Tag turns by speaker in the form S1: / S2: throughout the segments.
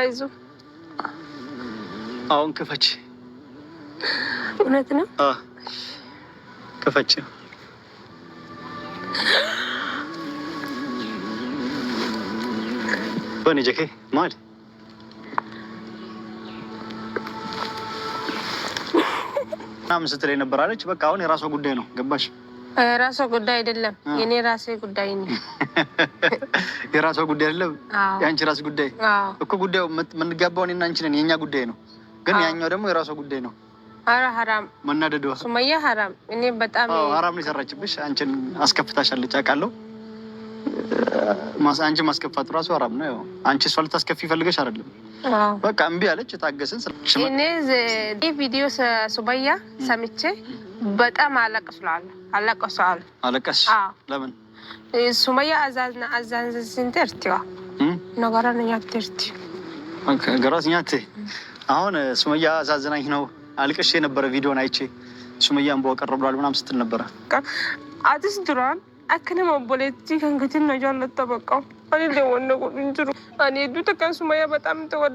S1: አይዞህ። አሁን ክፈች። እውነት ነው ክፈች። በኔ ጀኬ ማል ምናምን ስትለኝ ነበር አለች። በቃ አሁን የራሷ ጉዳይ ነው ገባሽ?
S2: ራሷ ጉዳይ አይደለም፣ የኔ ራሴ ጉዳይ ነው።
S1: የራሷ ጉዳይ አይደለም፣ የአንቺ ራስ ጉዳይ እኮ። ጉዳዩ የምንጋባው እኔና አንቺ ነን፣ የእኛ ጉዳይ ነው። ግን ያኛው ደግሞ የራሷ ጉዳይ ነው። ኧረ ሀራም መናደዱ
S2: ሱመያ ሀራም። እኔ በጣም
S1: ሀራም ነው የሰራችብሽ። አንቺን አስከፍታሻለች አውቃለሁ። አንቺ ማስከፋት ራሱ አራም ነው። አንቺ እሷ ልታስከፊ ይፈልገሽ አይደለም። በቃ እምቢ አለች። የታገስን
S2: እኔ ቪዲዮ ሱመያ ሰምቼ በጣም አለቅ አለቅስላለሁ አለቀሰዋል።
S1: አለቀስ ለምን?
S2: ሱመያ አዛዝና አዛንዝን ደርቲዋ ነገራነኛ ደርቲ
S1: ገራዝኛት አሁን ሱመያ አዛዝናኝ ነው። አልቅሽ የነበረ ቪዲዮን አይቼ ሱመያ እንቦ ቀረብሏል ምናም ስትል ነበረ
S2: አዲስ ድሯን አክነም ቦሌቲ ከንግትን ነጃ ለተበቃው እኔ ደወነቁ እንጅሩ እኔ ዱ ተቀን ሱመያ በጣም ተወደ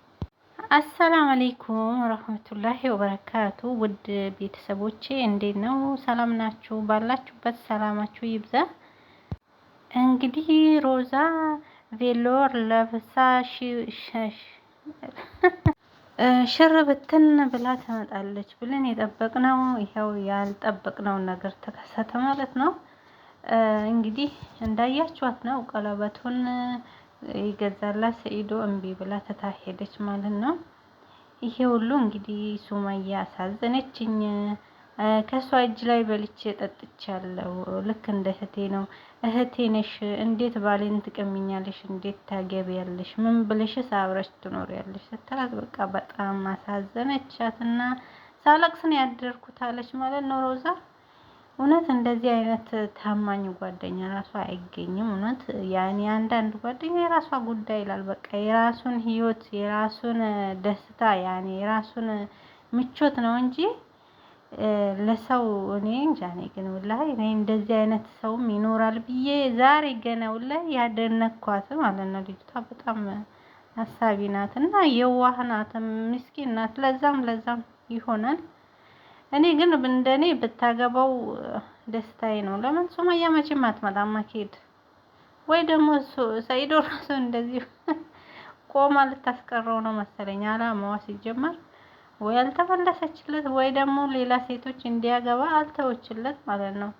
S2: አሰላም አለይኩም ረህመቱላሂ ወበረካቱ። ውድ ቤተሰቦቼ እንዴት ነው? ሰላም ናችሁ? ባላችሁበት ሰላማችሁ ይብዛ። እንግዲህ ሮዛ ቬሎር ለብሳ ሽር ብትን ብላ ትመጣለች ብለን የጠበቅነው ይኸው ያልጠበቅነውን ነገር ተከሰተ ማለት ነው። እንግዲህ እንዳያችኋት ነው ቀለበቱን ይገዛላት ሰኢዶ እምቢ ብላ ሄደች ማለት ነው። ይሄ ሁሉ እንግዲህ ሱመያ አሳዘነችኝ። ከሷ እጅ ላይ በልቼ ጠጥቻለሁ። ልክ እንደ እህቴ ነው። እህቴ ነሽ፣ እንዴት ባሌን ትቀሚኛለሽ? እንዴት ታገቢያለሽ? ምን ብለሽስ አብረሽ ትኖሪያለሽ? ስትላት በቃ በጣም አሳዘነቻትና ሳለቅስ ነው ያደርኩት ማለት ነው ሮዛ እውነት እንደዚህ አይነት ታማኝ ጓደኛ ራሱ አይገኝም። እውነት ያኔ አንዳንድ ጓደኛ የራሷ ጉዳይ ይላል በቃ የራሱን ህይወት የራሱን ደስታ ያኔ የራሱን ምቾት ነው እንጂ ለሰው እኔ እንጃ እኔ ግን ውላ እኔ እንደዚህ አይነት ሰውም ይኖራል ብዬ ዛሬ ገና ውላ ያደነኳት ማለት ነው። ልጅቷ በጣም አሳቢ ናት እና የዋህ ናትም ምስኪን ናት። ለዛም ለዛም ይሆናል እኔ ግን እንደኔ ብታገባው ደስታዬ ነው። ለምን ሱመያ መቼም አትመጣም አኬድ ወይ ደግሞ ሰይዶ ራሱ እንደዚህ ቆማ ልታስቀረው ነው መሰለኝ አላማዋ። ሲጀመር ወይ አልተመለሰችለት ወይ ደግሞ ሌላ ሴቶች እንዲያገባ አልተወችለት ማለት ነው።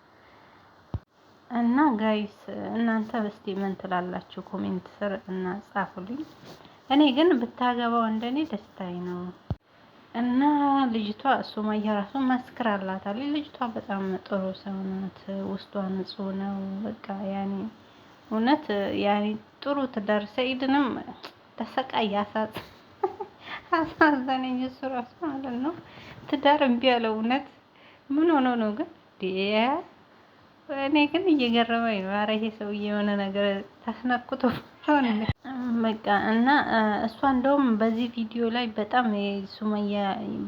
S2: እና ጋይስ እናንተ በስቲ ምን ትላላችሁ? ኮሜንት ስር እና ጻፉልኝ። እኔ ግን ብታገባው እንደኔ ደስታዬ ነው። እና ልጅቷ ሱመያ ራሱ መስክራላታል። ልጅቷ በጣም ጥሩ ሰው ናት፣ ውስጧ ንጹህ ነው። በቃ ያኔ እውነት ያኔ ጥሩ ትዳር ሰኢድንም ተሰቃየ። አሳዘነኝ እሱ ራሱ ማለት ነው። ትዳር እምቢ ያለው እውነት ምን ሆኖ ነው ግን? እኔ ግን እየገረመኝ ነው። ኧረ ይሄ ሰውዬ የሆነ ነገር ተስነኩቶ በቃ እና እሷ እንደውም በዚህ ቪዲዮ ላይ በጣም ሱመያ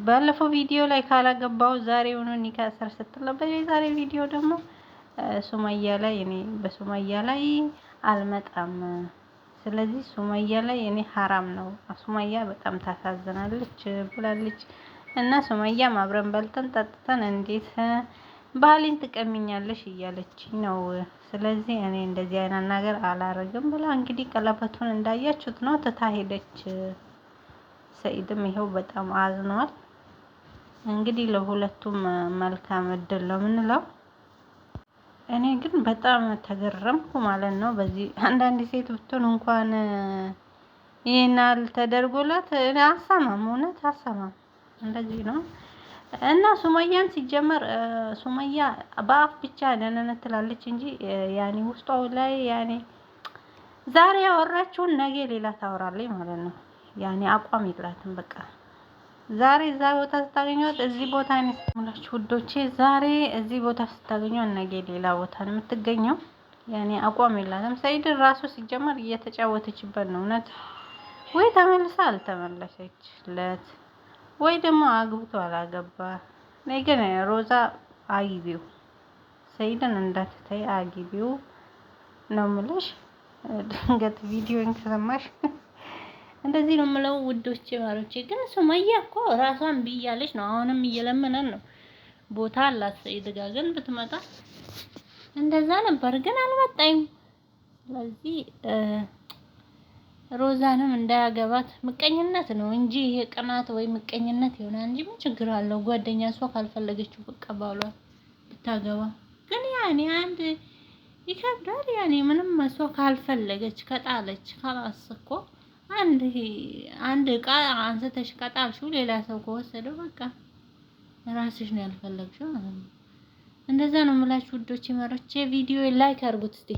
S2: ባለፈው ቪዲዮ ላይ ካላገባው ዛሬ ሆኖ ኒካ ስር ስትለበት የዛሬ ቪዲዮ ደግሞ ሱመያ ላይ እኔ በሱመያ ላይ አልመጣም። ስለዚህ ሱመያ ላይ እኔ ሀራም ነው። ሱመያ በጣም ታሳዝናለች ብላለች። እና ሱመያም አብረን በልተን ጠጥተን እንዴት ባህሌን ትቀሚኛለሽ እያለች ነው። ስለዚህ እኔ እንደዚህ አይነት ነገር አላረግም ብላ እንግዲህ ቀለበቱን እንዳያችሁት ነው ትታ ሄደች። ሰኢድም ይኸው በጣም አዝኗል። እንግዲህ ለሁለቱም መልካም እድል ነው የምንለው። እኔ ግን በጣም ተገረምኩ ማለት ነው። በዚህ አንዳንድ ሴት ብትሆን እንኳን ይህናል ተደርጎላት እኔ አሰማም፣ እውነት አሰማም እንደዚህ ነው። እና ሱመያን ሲጀመር ሱመያ በአፍ ብቻ ነነነ ትላለች እንጂ ያኔ ውስጧ ላይ ያኔ ዛሬ ያወራችውን ነገ ሌላ ታወራለች ማለት ነው። ያኔ አቋም የላትም። በቃ ዛሬ እዛ ቦታ ስታገኘት እዚህ ቦታ ነው የምላችሁ ውዶቼ። ዛሬ እዚህ ቦታ ስታገኘው ነገ ሌላ ቦታ ነው የምትገኘው። ያኔ አቋም የላትም። ሰይድን ራሱ ሲጀመር እየተጫወተችበት ነው። እውነት ወይ ተመልሳ አልተመለሰችለት ወይ ደግሞ አግብቶ አላገባ። ነገር ግን ሮዛ አግቢው፣ ሰኢድን እንዳትተይ አግቢው ነው የምልሽ። ድንገት ቪዲዮን ከሰማሽ እንደዚህ ነው የምለው። ውዶቼ ማሮቼ፣ ግን ሱመያ እኮ ራሷን ብያለች ነው። አሁንም እየለመነን ነው። ቦታ አላት ሰይድ ጋር ግን ብትመጣ እንደዛ ነበር፣ ግን አልመጣይም። ስለዚህ ሮዛንም እንዳያገባት ምቀኝነት ነው እንጂ ይሄ ቅናት ወይ ምቀኝነት ይሆናል እንጂ ምን ችግር አለው? ጓደኛ እሷ ካልፈለገችው በቃ ባሏል ብታገባ። ግን ያኔ አንድ ይከብዳል። ያኔ ምንም እሷ ካልፈለገች ከጣለች ካላስ እኮ አንድ አንድ እቃ አንስተሽ ከጣልሽው ሌላ ሰው ከወሰደው በቃ ራስሽ ነው ያልፈለግሽው እንደዛ ነው የምላችሁ ውዶች። ይመሮች ቪዲዮ ላይክ አድርጉት እስቲ።